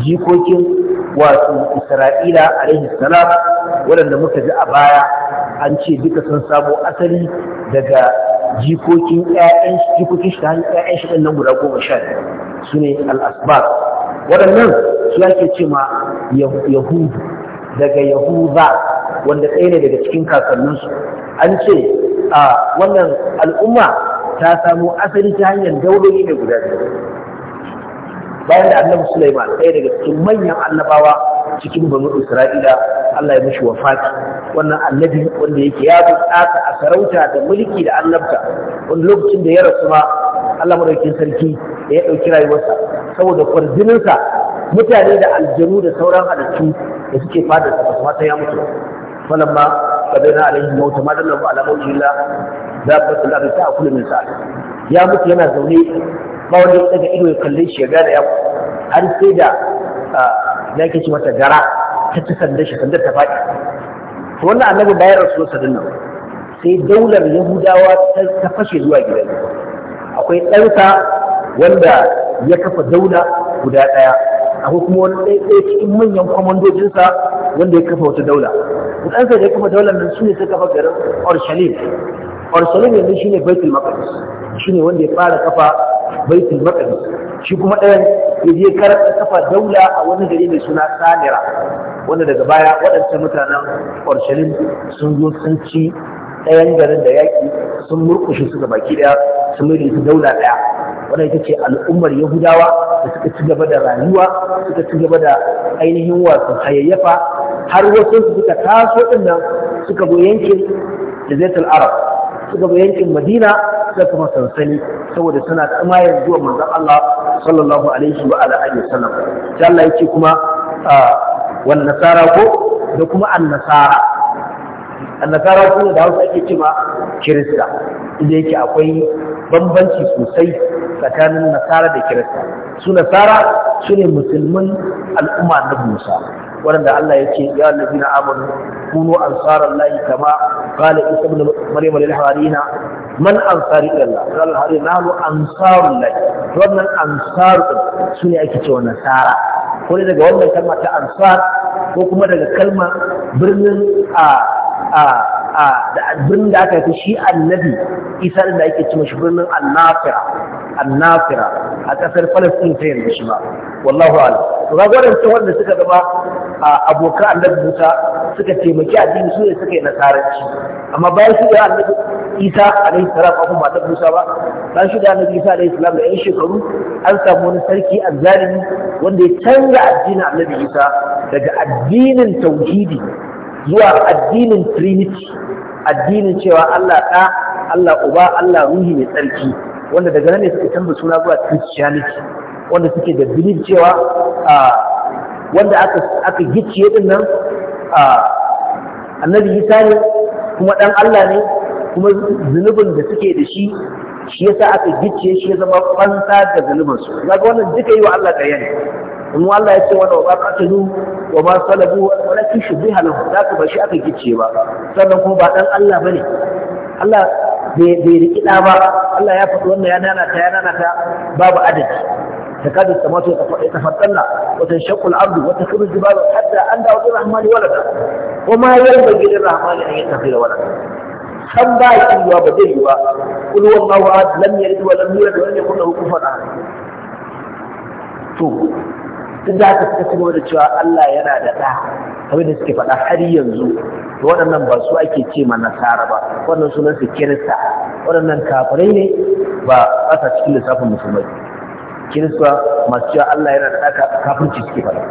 Speaker 1: jikokin wato isra'ila alaihi salam waɗanda muka ji a baya an ce duka sun samo asali daga jikokin ƴaƴan jikokin shi har ƴaƴan shi nan guda goma sha su ne al waɗannan su ake ce ma yahudu daga yahuza wanda ɗaya ne daga cikin kakanninsu an ce a wannan al'umma ta samo asali ta hanyar dauloli ne guda biyu bayan da annabi Sulaiman ɗaya daga cikin manyan annabawa cikin banu Isra'ila Allah ya mishi wafati wannan annabi wanda yake ya tsaka a sarauta da mulki da annabta wani lokacin da ya rasu ma Allah madaukakin sarki da ya ɗauki rayuwarsa saboda sa, mutane da aljanu da sauran halittu da suke fada su ba ta ya mutu falamma qadana alaihi mauta ma dallahu ala mawjillah dabbatul ardi ta'kulu min sa'ati ya mutu yana zaune ba wanda ya daga ido ya kalli shi ya gane ya har sai da ya ke ci mata gara ta ci sandar shi sandar ta faɗi to wannan annabi bayan rasulullah sallallahu alaihi sai daular yahudawa ta fashe zuwa gidan akwai ɗansa wanda ya kafa daula guda ɗaya akwai kuma wani ɗaya cikin manyan kwamandojinsa wanda ya kafa wata daula ɗansa da ya kafa daular nan su ne suka kafa garin orshalim orshalim yanzu shine baitul maqdis shine wanda ya fara kafa baitul maqdis shi kuma ɗayan ya je kar kafa daula a wani gari mai suna samira wanda daga baya waɗancan mutanen orshalin sun zo sun ci ɗayan garin da yaƙi sun murƙushe su baki ɗaya sun mai da daula ɗaya wannan ita ce al'ummar yahudawa da suka ci gaba da rayuwa suka ci gaba da ainihin wasu hayayyafa har wasu suka taso ɗin nan suka zo yankin jazaitul arab suka gaba yankin madina da kuma sansani saboda suna tsamayar zuwa manzan Allah sallallahu alaihi wa ala alihi wasallam sai Allah yake kuma wan nasara ko da kuma annasara nasara kuma da Hausa ake cewa kirista inda yake akwai bambanci sosai tsakanin nasara da kirista su nasara su ne musulmin al'umma na musa waɗanda Allah ya ce ya allazi na amanu kunu ansarar layi kama kala isa bin maryam lil harina man ansari ila Allah kala harina nahnu ansarul layi wannan ansar su ne ake cewa nasara ko ne daga wannan kalma ta ansar ko kuma daga kalma birnin a a a da birnin da aka yi shi annabi isa da ake cewa shi birnin annafira annafira a kasar falastin ta yanzu shi ba wallahu a'lam to ga wanda suka zama a abokan annabi Musa suka taimaki addini su ne suka yi nasararci. amma bayan su da annabi Isa alaihi salam akwai ba annabi Musa ba bayan shi da annabi Isa alaihi salam da 'yan shekaru an samu wani sarki zalimi wanda ya canza addinin annabi Isa daga addinin tauhidi zuwa addinin trinity addinin cewa Allah ɗa Allah uba Allah ruhi mai tsarki wanda daga nan ne suka canza suna zuwa christianity wanda suke da bilin cewa wanda aka gicciye din nan annabi isa ne kuma ɗan Allah ne kuma zunubin da suke da shi shi yasa aka gicciye shi ya zama fansa da zunubinsu ga wannan duka yi wa Allah da ne kuma Allah ya ce wani wa qatalu wa ma salabu biha lahu lahum ka ba shi aka gicciye ba sannan kuma ba ɗan Allah bane Allah bai rikida ba Allah ya faɗi wannan ya ta ya ta babu adadi تكاد السماوات يتفطرن وتنشق الارض وتخر الجبال حتى ان دعوا للرحمن ولدا وما ينبغي للرحمن ان يتخذ ولدا san ba shi yiwa ba zai yiwa kul wallahu ahad lam yalid wa lam yulad wa lam yakul lahu kufuwan ahad to duk da haka suka kuma da cewa Allah yana da ɗa kamar da suke faɗa har yanzu to waɗannan ba su ake ce ma nasara ba wannan sunan su kirista waɗannan kafirai ne ba ba cikin lissafin musulmai kirista masu cewa Allah yana da ɗaka kafirci suke fara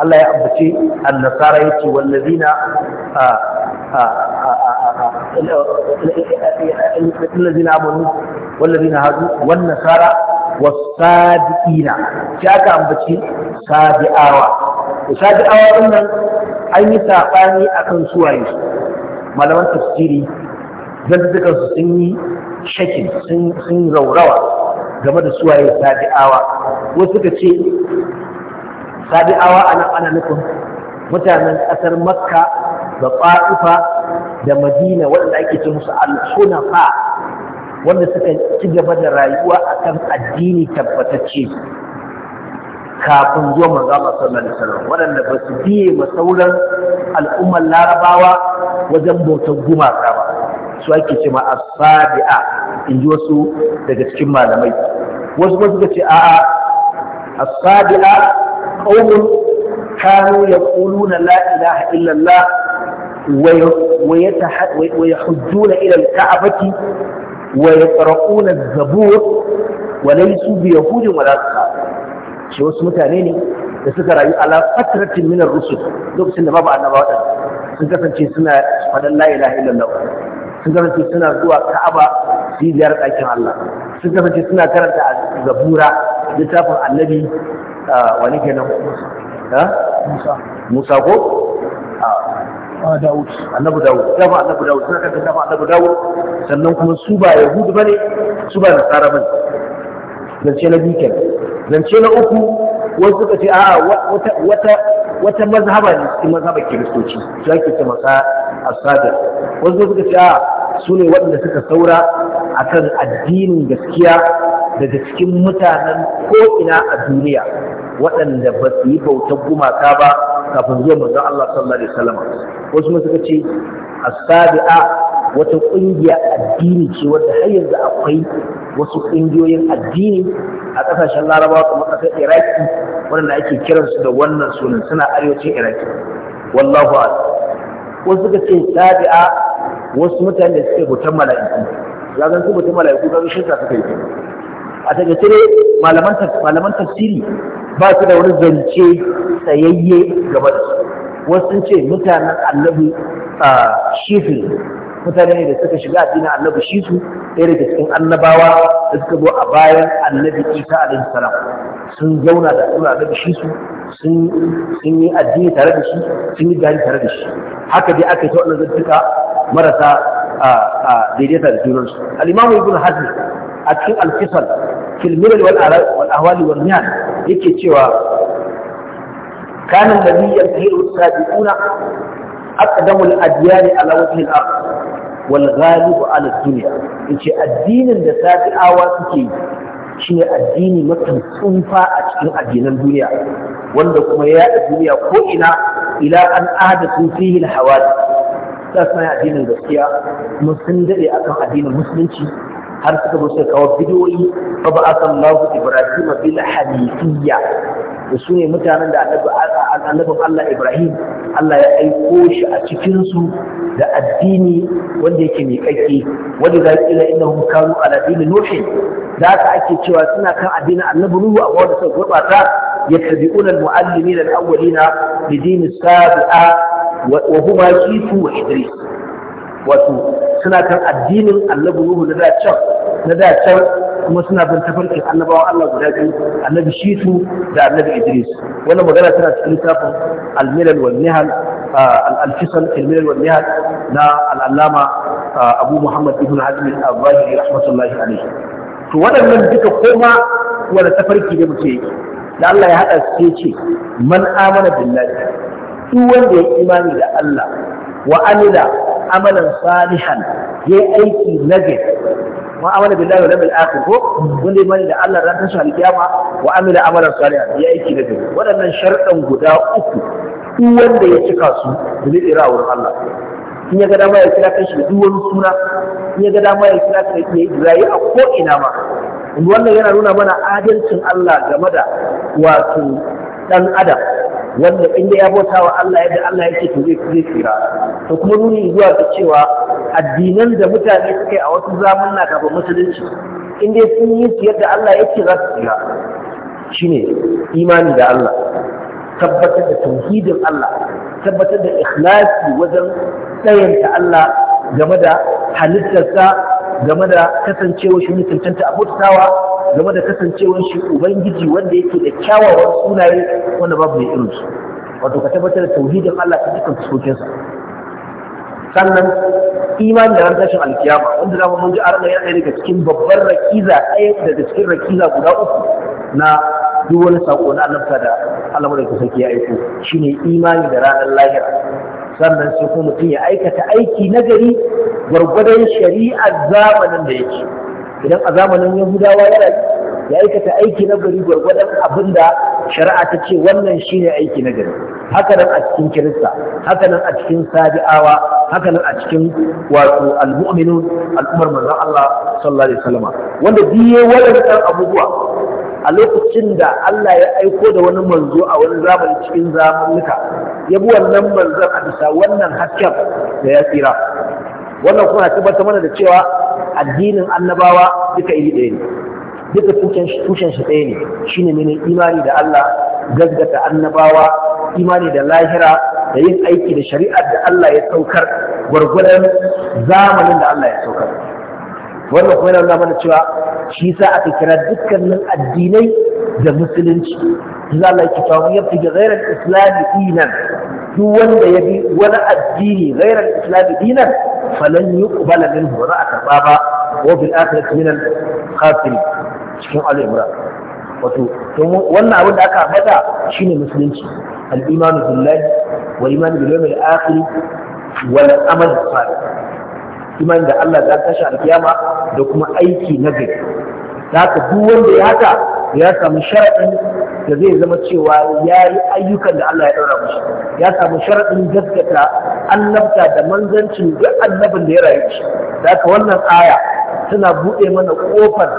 Speaker 1: Allah ya ambace annasara ya ce wallazina الذين آمنوا والذين هادوا والنصارى والصادقين شاكا أمبتي صادقاوا وصادقاوا إنن أن يتعقاني أكن سوايس ما لمن تفسيري zan su sun yi shakin sun raurawa game da suwaye Sadi'awa, wasu suka ce Sadi'awa ana ana nufin mutanen ƙasar makka da da madina wanda ake ce musu al fa? wanda suka ci gaba da rayuwa akan addini tabbatacce kafin zuwa manzo Allah sallallahu alaihi waɗanda ba su biye ma sauran al'ummar larabawa wajen bautar gumaka ba su ake ce ma asabi'a in ji wasu daga cikin malamai wasu wasu ga ce a'a asabi'a qaumun kanu ya la na illa Allah wa ya yahujjuna ila al-ka'bati wa ya yaqra'una az-zabur wa laysu bi yahudin wala shi wasu mutane ne da suka rayu ala fatratin minar rusul lokacin da babu annabawa sun kasance suna faɗan la illallah sun kasance suna zuwa ka'aba biyar ɗakin Allah sun kasance suna karanta a zabura littafin annabi wani kenan musa musa ko Dawud annabi Dawud dama annabi Dawud suna kan dama annabi Dawud sannan kuma su ba Yahudu ne? su ba Nasara bane zance na biyu kenan zance na uku wasu suka ce a'a wata wata mazhaba ne cikin mazhaba kiristoci su ake ce masa asadar wasu suka ce a ah, su ne waɗanda suka saura akan addinin gaskiya daga cikin mutanen ko ina a duniya waɗanda ba su yi bautar gumaka ba kafin zuwa manzon Allah sallallahu alaihi wasallam wasu ma suka ce asabi'a wata ƙungiya addini ce wadda har yanzu akwai wasu ƙungiyoyin addini a ƙasashen larabawa kamar ƙasar iraki waɗanda ake kiransu da wannan sunan suna arewacin iraq wallahu a'lam wasu suka ce tabi'a wasu mutane da suke bautan mala'iku zagan su bautan mala'iku ga shirka suka yi a takaice dai malaman malaman tafsiri ba su da wani zance tsayayye gaba da su wasu sun ce mutanen annabi shifin mutane ne da suka shiga addinin annabi shi su ɗaya daga cikin annabawa da suka zo a bayan annabi isa alaihi salam sun zauna da suna annabi shi su sun yi addini tare da shi sun yi gari tare da shi haka dai aka yi ta wannan zantuka marasa daidaita da sunansu. al-imamu ibn a cikin al-fisal wal ahwali wal niyan yake cewa كان النبي ينتهي sabiuna أقدم الأديان على وجه الأرض wal ghalibu ala addinin da safi'awa suke yi shine addini mafi tsufa a cikin addinan duniya wanda kuma ya duniya ko ina ila an ahadathu fihi al hawadith ta sanya addinin gaskiya kuma sun daɗe akan addinin musulunci har suka zo kawo bidiyoyi fa ba akan Allahu Ibrahim bil hanifiyya da su ne mutanen da annabin Allah Ibrahim Allah ya aiko shi a cikinsu. da addini wanda yake miƙaƙƙe wanda za ƙila innahum kanu ala dini nuhin da aka ake cewa suna kan addinin annabi nuhu a wanda suka gurɓata yattabi'una al-mu'allimina al-awwalina bi dini sabi'a wa huma kitu wa idris wato suna kan addinin annabi nuhu na da can na da can kuma suna bin tafarkin annabawa Allah guda biyu annabi Shitu da annabi Idris wannan magana tana cikin littafin al-milal wal nihal al-fisal al-milal wal nihal na al-allama Abu Muhammad ibn Hazm al-Zahiri rahmatullahi alayhi to waɗannan duka koma wanda tafarki ne muke yi da Allah ya haɗa su ce man amana billahi duk wanda ya imani da Allah wa amila amalan salihan yayi aiki nagari ma amana billahi wal yawmil akhir ko wanda imani da Allah ran tashi alkiyama wa amila amalan salihan ya aiki da gari waɗannan sharɗan guda uku duk wanda ya cika su da zai tsira wurin Allah in ya ga dama ya kira kanshi duk wani suna in ya ga dama ya kira kanshi ya yi rayu a ko ina ma wannan yana nuna mana adalcin Allah game da wato dan adam wanda in ya bauta wa Allah yadda Allah yake to zai zai tsira to kuma nuni zuwa ga cewa addinan da mutane suka a wasu zamanna kafin musulunci in dai sun yi su yadda Allah yake za su tsira shine imani da Allah tabbatar da tauhidin Allah tabbatar da ikhlasi wajen tsayanta Allah game da halittarsa game da kasancewar shi mutuntanta abutawa game da kasancewar shi ubangiji wanda yake da kyawawan sunaye wanda babu mai irinsu wato ka tabbatar da tauhidin Allah ta dukkan fuskokinsa sannan imani da ran tashin alkiyama wanda zamu mun ji a ranar yana daga cikin babbar rakiza ɗaya da cikin rakiza guda uku na duk wani sako na annabta da Allah mai sarki ya aiko shine imani da ranar lahira sannan sai kuma mutum ya aikata aiki nagari gwargwadon shari'ar zamanin da yake idan a zamanin yahudawa ya rayu ya aikata aiki nagari gwargwadon abin da shari'a ta ce wannan shine aiki nagari haka nan a cikin kirista haka nan a cikin sabi'awa haka nan a cikin wato almu'minun al'ummar manzon Allah sallallahu alaihi wasallam wanda biye wannan abubuwa a lokacin da Allah ya aiko da wani manzo a wani zamani cikin zamanuka ya bi wannan manzon a bisa wannan hasken da ya tsira wannan kuma tabbata mana da cewa addinin annabawa duka iri ɗaya ne duka tushen shi ɗaya ne shine ne imani da Allah gaggata annabawa imani da lahira da yin aiki da shari'ar da Allah ya saukar gwargwadon zamanin da Allah ya saukar wannan kuma yana nuna mana cewa shi sa aka kira dukkanin addinai da musulunci za Allah ki kawo ya fi ghairar islami dinan duk wanda ya bi wani addini ghairar islami dinan falan yuqbala minhu wa za a karba ba wa bil akhirati min cikin al-imran wato wannan abin da aka ambata shine musulunci al-imanu billahi wal imanu bil yawmil akhir amal salih imani da Allah za ta tashi alkiyama da kuma aiki na gari da haka duk wanda ya haka ya samu sharaɗin da zai zama cewa ya yi ayyukan da Allah ya ɗaura mashi ya samu sharaɗin gaskata annabta da manzancin duk annabin da ya rayu shi da haka wannan aya tana buɗe mana ƙofar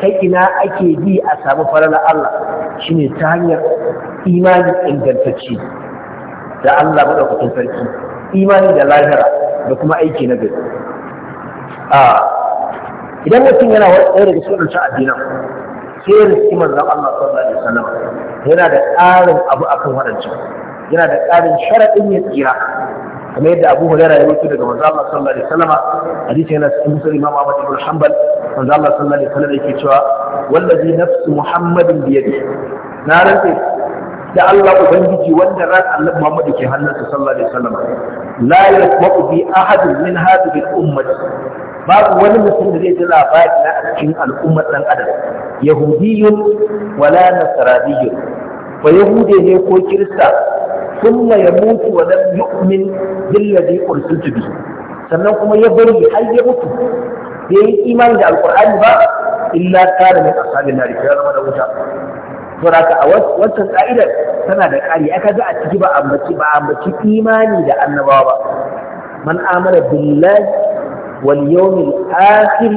Speaker 1: ta ina ake bi a samu farar Allah shine ta hanyar imani ingantacce da Allah maɗaukakin sarki imani da lahira da kuma aiki na gari idan mutum yana ɗaya daga cikin wancan addinan sai ya riski manzon Allah sallallahu alaihi wasallam yana da ƙarin abu akan waɗancan yana da ƙarin sharaɗin ya tsira kamar yadda Abu Hurairah ya mutu daga manzon Allah sallallahu alaihi wasallam hadisi yana cikin musulmi Imam Ahmad ibn Hanbal manzon Allah sallallahu alaihi wasallam yake cewa wallazi nafsu Muhammadin biyadi na rantsa da Allah ubangiji wanda ran Allah Muhammadu ke hannunsa sallallahu alaihi wasallam la yasma'u bi ahad min hadhihi al-ummah babu wani mutum da zai ji labari na cikin al'ummar dan adam yahudiyyun wala nasraniyyun fa yahude ne ko kirista ya mutu wa lam yu'min billadhi ursiltu bihi sannan kuma ya bari har ya mutu bai yi imani da alqur'ani ba illa kana min ashabin nar ya zama da wuta sauraka a wancan ka'idar tana da ƙari aka ga a ciki ba ambaci ba ambaci imani da annabawa ba man amana billahi wal yawmil akhir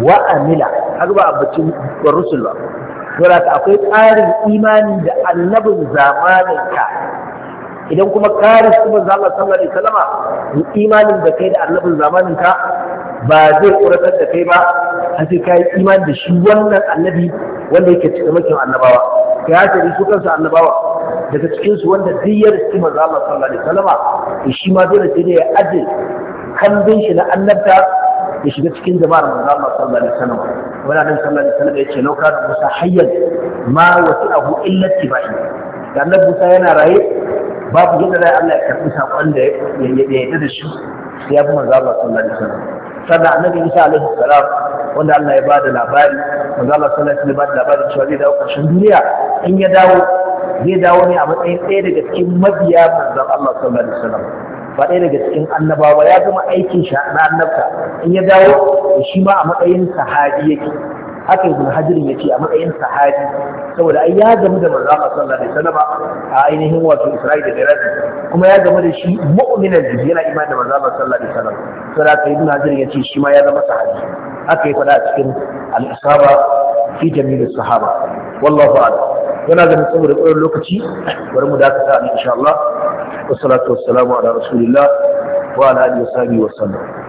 Speaker 1: wa amila haka ba ambaci wa rusul ba sauraka akwai ƙarin imani da annabin zamanin ka idan kuma ka rishi zama Allah sallallahu alaihi wasallama imanin da kai da annabin zamanin ka ba zai ƙuratar da kai ba a sai ka yi imani da shi wannan annabi wanda yake cikin makin annabawa ka ya tare su kansu annabawa daga cikinsu wanda zai ya riski manzo Allah sallallahu alaihi wasallama to shi ma dole sai ya aje kambin shi na annabta ya shiga cikin jama'ar manzo Allah sallallahu alaihi wasallama wala nan sallallahu alaihi ya ce lauka da Musa hayyan ma wasi'ahu illa tibai da annabi Musa yana raye babu yadda Allah ya karbi sakon da ya yadda da shi sai ya bi manzo Allah sallallahu alaihi wasallam sannan annabi Isa alaihi salam wanda Allah ya bada labari manzo Allah sallallahu alaihi wasallam ya bada labari cewa zai dawo duniya in ya dawo zai dawo ne a matsayin ɗaya daga cikin mabiya manzon Allah sallallahu alaihi wasallam ba ɗaya daga cikin annabawa ya gama aikin shi na annabta in ya dawo shi ma a matsayin sahabi yake haka ibn hajirin ya ce a matsayin sahabi saboda ai ya gamu da manzo Allah sallallahu alaihi wasallam a ainihin wato Isra'i da Iraq kuma ya gamu da shi mu'minan da yana imani da manzo Allah sallallahu alaihi wasallam saboda haka ibn hajirin ya ce shi ma ya zama sahabi haka ya faɗa a cikin al-isaba fi jami'il sahaba wallahu a'lam yana ganin saboda tsoron lokaci
Speaker 2: bari mu dakata insha Allah wassalatu wassalamu ala rasulillah wa ala alihi wa sahbihi wa sallam